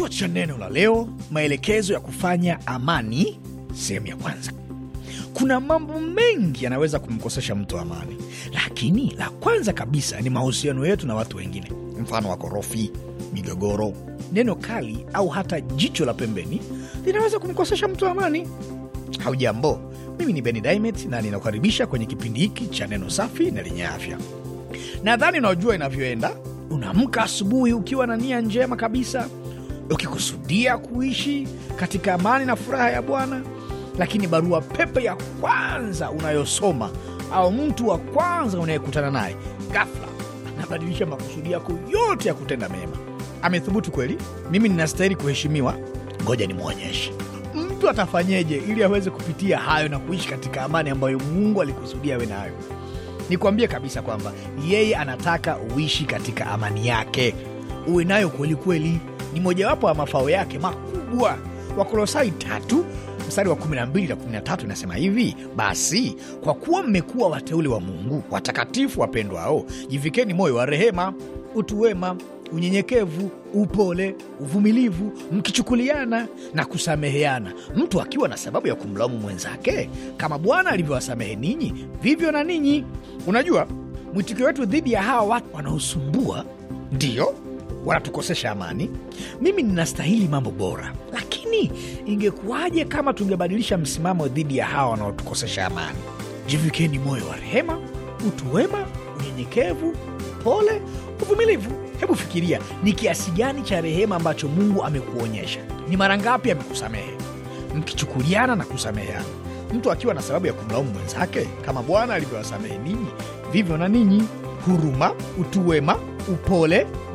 Kichwa cha neno la leo: maelekezo ya kufanya amani, sehemu ya kwanza. Kuna mambo mengi yanaweza kumkosesha mtu amani, lakini la kwanza kabisa ni mahusiano yetu na watu wengine, mfano wa korofi, migogoro, neno kali au hata jicho la pembeni linaweza kumkosesha mtu amani. Haujambo, mimi ni Beni Dimet na ninakukaribisha kwenye kipindi hiki cha neno safi na lenye afya. Nadhani unajua inavyoenda. Unaamka asubuhi ukiwa na nia njema kabisa, ukikusudia kuishi katika amani na furaha ya Bwana. Lakini barua pepe ya kwanza unayosoma au mtu wa kwanza unayekutana naye, ghafla anabadilisha makusudi yako yote ya kutenda mema. Amethubutu kweli, mimi ninastahili kuheshimiwa, ngoja nimwonyeshe mtu atafanyeje ili aweze kupitia hayo na kuishi katika amani ambayo Mungu alikusudia awe nayo. Nikwambie kabisa kwamba yeye anataka uishi katika amani yake, uwe nayo kweli kweli ni mojawapo ya mafao yake makubwa. Wakolosai tatu mstari wa 12 na 13 inasema hivi: basi kwa kuwa mmekuwa wateule wa Mungu, watakatifu wapendwao, jivikeni moyo wa rehema, utu wema, unyenyekevu, upole, uvumilivu, mkichukuliana na kusameheana, mtu akiwa na sababu ya kumlaumu mwenzake, kama Bwana alivyowasamehe ninyi, vivyo na ninyi. Unajua, mwitikio wetu dhidi ya hawa watu wanaosumbua ndiyo wanatukosesha amani. Mimi ninastahili mambo bora, lakini ingekuwaje kama tungebadilisha msimamo dhidi ya hawa wanaotukosesha amani? Jivikeni moyo wa rehema, utu wema, unyenyekevu, pole, uvumilivu. Hebu fikiria ni kiasi gani cha rehema ambacho Mungu amekuonyesha, ni mara ngapi amekusamehe, mkichukuliana na kusameheana. Mtu akiwa na sababu ya kumlaumu mwenzake, kama Bwana alivyowasamehe ninyi, vivyo na ninyi. Huruma, utu wema, upole